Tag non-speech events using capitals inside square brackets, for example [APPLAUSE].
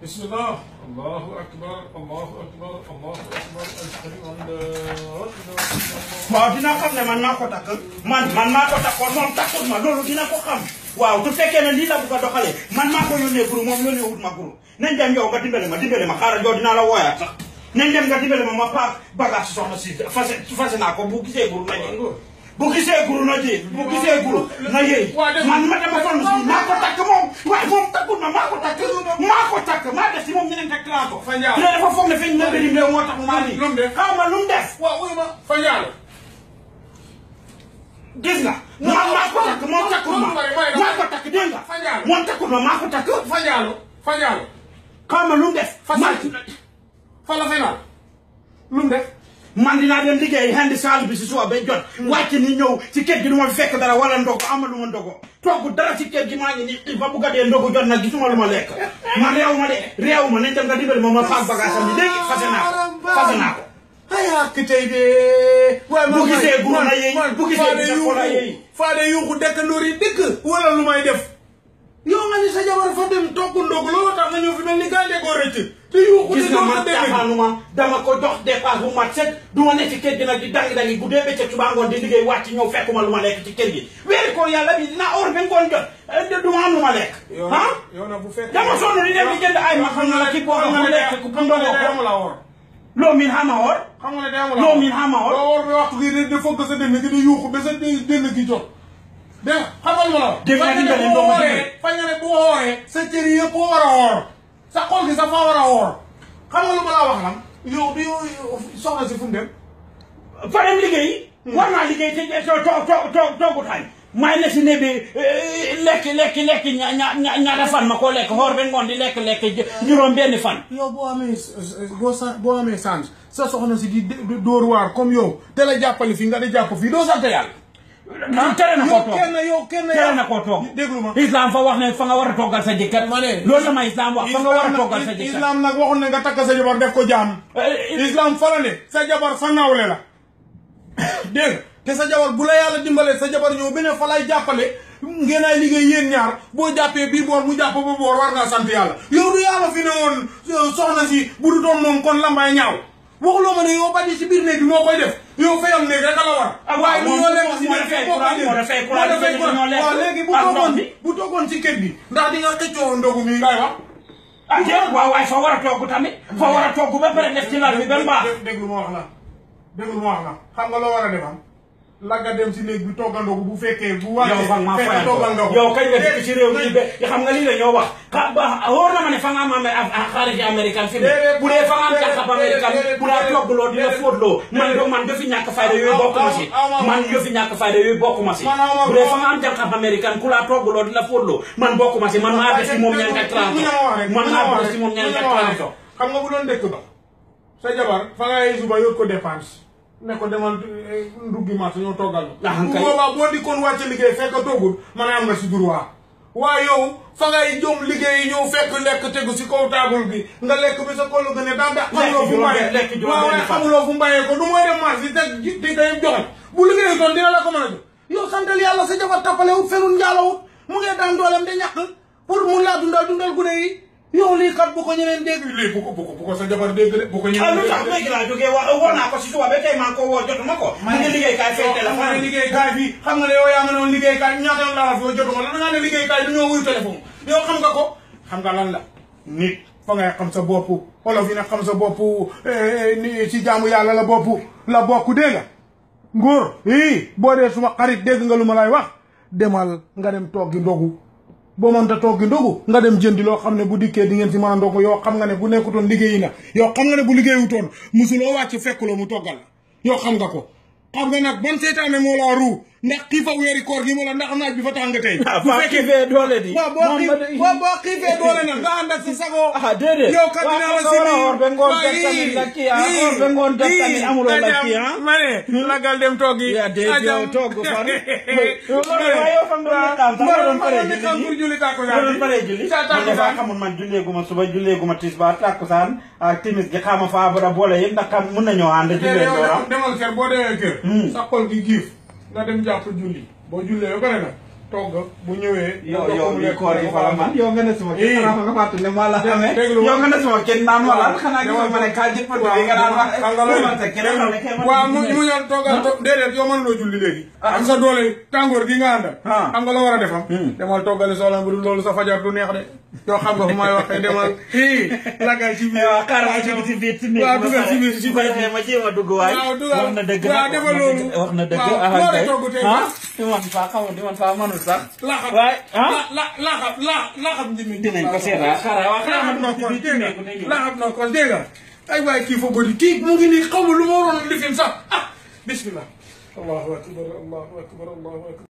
bismillah allahu akbar allahu akbar allahu akbar waaw dina xam ne man maa ko takk man man maa ko takkoon moom takkut ma loolu dina ko xam waaw du fekkee ne lii la bugg a doxalee man maa ko yónnee guru moom yónnee wut ma guru nañ dem yow nga dimbale ma dimbale ma xaaral yow dinaa la wooyaat sax nañ dem nga dimbale ma ma paas bagage soxna si fase fase naa ko bu gisee guru nañ bu gisee guru na ji bu gisee guru na yëy man ma dama fànn si maa ko takk moom waaye moom takkul ma maa ko takk maa def si moom ñeneen takk naa ko dina na bërim moo tax mu maa nii xaw ma lu mu def moom takkul ma maa ko takk dégg nga moom takkul ma maa ko takk fa njaalo fa njaalo ma lu mu def fa def man dinaa dem liggéey xendi saalu bi si suba ba jot mm. wàcc ni ñëw ci kër gi fekk dara wala ndogu amalu ma ndogu togg dara ci kër maa ngi nii ba bugg a dee ndogu jot nag gisuma lu ma lekk man réew ma de réew ma nañ nga dimbali ma ma faag bagage am ni léegi fase naa ko fase naa ko ayàq tey de bu gisee bu na yey bu gisee bu na yey faade yuuxu dekk ndóori dëkk wala lu may def yow nga ni sa jabar fa dem togg ndogu loolu tax nga ñëw fi mel ni gaande rëcc man taxaanuma dama ko jox dépense bu mat set du ma ne ci kër gi nag di dangi dangi guddee bëccëg suba ngoon di liggéey wàcc ñëw fekkuma lu ma lekk ci kër gi weeri koor yàlla bi dinaa or ba ngoon jot euh, du ma am lu ma lekk ah dama sonn di dem di jënd ay ma xam na la ci boo xam nga lekk ku bëgg la or loo miin xama or xam nga ne day amul loo miin xama or loo or bi waxtu gi di fokk sa dënn gi di yuuxu ba sa dënn gi jot dégg nga xamal ma la dégg nga dimbale doomu dégg sa cër yëpp a woor sa xol sa fa war a woor xam nga lu ma laa wax lan yow du soxna si fu mu dem. fa dem liggéey. Hmm. war naa liggéey te too too too toogu taay. maa ngi ne si ne bi eh, lekk lekk ñaata fan ma koo lekk xoor ba ngoon di lekk lekk juróom benn fan. yow boo amee boo sa boo amee change sa soxna si di dóor waar comme yow te la jàppale fii nga di jàpp fii doo sant yàlla. non tere na koo toog yow kenn na koo toog déglu ma islam fa wax ne fa nga war a toggal sa jëkkër ma ne loolu sama islam wax fa nga war a toggal sa jëkkër islam nag waxul ne nga takk sa jabar def ko jaam eh, eh, eh. islam fa sa jabar sa nawle la [COUGHS] dégg te sa jabar bu la yàlla dimbalee sa jabar ñëw beneen fa lay jàppale ngeen ay liggéey yéen ñaar boo jàppee bii boor mu jàpp ba boor war ngaa sant yàlla yow du yàlla fi ne woon euh, soxna si bu du moom kon lambay ñaaw waxuloo ma ne yow bàjj si biir néeg bi moo koy def yow fayam néeg rek a la war. ah waaye lu ñoo lekk si biir kër moo koy def moo dafay ku gi. ndax di nga xëccoo ndogu mi ngay wax. ah jërëjëf waaw waaye foo war a tamit. foo war a togg ba pare def ci lal bi ba mbaa. déglu ma wax la déglu ma nga loo war laga dem si néeg bi toogandoo ko bu fekkee bu wàccee fekk toogandoo ko yow kañ nga dikk ci réew mi la ñoo wax bu dee fa nga am jàqab américain di la fóotloo man man dafi ñàkk si man dafi ñàkk fayda yooyu bokkuma si si man maa def si moom ñaari trente man maa bu doon dëkk ba sa jabar fa ngay suba yóot ko dépense ne ko demal eh, nduggi maa ñoo toggal ma. Ah, bu boobaa boo dikkoon wàcc a am nga si droit. waaye yow fa ngay jom liggéey ñëw fekk lekk tegu si kaw taabul bi nga lekk bi sa kollu gën a daan da. xamuloo fu mbayee lekk juróomi xamuloo fu mbayee ko du mooy dem marché di teg di di bu liggéey doon dina la ko mën a jox yow santal yàlla sa jabar tappalewut fenun njaalawut mu ngee daan dooleem de ñàkk pour mun laa dundal dundal gune yi yow lii kat bu ko ñeneen dégg. lii bu ko bu ko bu ko sa jabar dégg de bu ko. ñeneen ah, dégg de lu tax léegi laa jógee wa woo naa ko si suba ba tey maa ko woo jotuma ko. ma ne liggéeykaay fay téléphone ne liggéeykaay fii xam nga ne yow yaa ma ne woon liggéeykaay ñaata yoon laa la fi yow jotuma la da ngaa ne liggéeykaay du ñoo wuyu téléphone yow xam nga ko xam nga lan la nit fa ngay xam sa bopp wolof yi nag xam sa bopp eh, ni ci jaamu yàlla la bopp la bokk dégg nga ngóor ii boo dee suma xarit dégg nga lu ma lay wax demal nga dem toog gi ndogu boo mënta togg ndogu nga dem jëndi loo xam ne bu dikkee di ngeen si mën a ndogu yoo xam nga ne bu nekkutoon liggéeyi na yoo xam nga ne bu liggéeyutoon musuloo wàcc fekkuloo mu toggal yoo xam nga ko xam nga nag ban seytaane moo laa ruu ndax xiifa weeri koor gi mu la ndax naaj bi fa tàng tey. Ah, bu fekkee doole di. waaw boo xii boo xiifee doole nag nga ànd ak sa sago. ah déedéet yow kat dina la si nii waaw dem toog yi. [LAUGHS] yow toog fan. yow fan nga doon naan sax. man man nga dem jàpp julli boo jullee ba pare nag toggal bu ñëwee. yow yow li koor yi fala man yow nga ne suma kenn xanaa nga fàttali ne maa la xamee. déglu yow nga ne suma kenn naan wala xanaa gisoo ma ne kaa jëppante bi nga naan wax. xam nga loolu waaw mu mu ñor toggal déedéet yow mënuloo julli léegi. am sa doole tàngoor gi nga àndal. am nga la war defam. demal toggali soxla bu dul loolu sa fajar du neex de. yow xam nga fu may waxee demal. lagal ci biir waaw xaaral ma dugg ci biir ci biir. waaw dugal ci biir ci biir ma jéem a dugg waay. waaw dugal waaw defal loolu. wax na dëgg ah kay ah man faa xaw di man faa mënul sax. waay ah la la la xam ne dinañ ko seetal xaaral waaw xaaral ma ko dégg nga laaxam na ko dégg nga ay waay kii foofu di kii mu ngi nii xaw ma lu ma waroon a lifin sax ah bismillah allahu akbar allahu akbar allahu akbar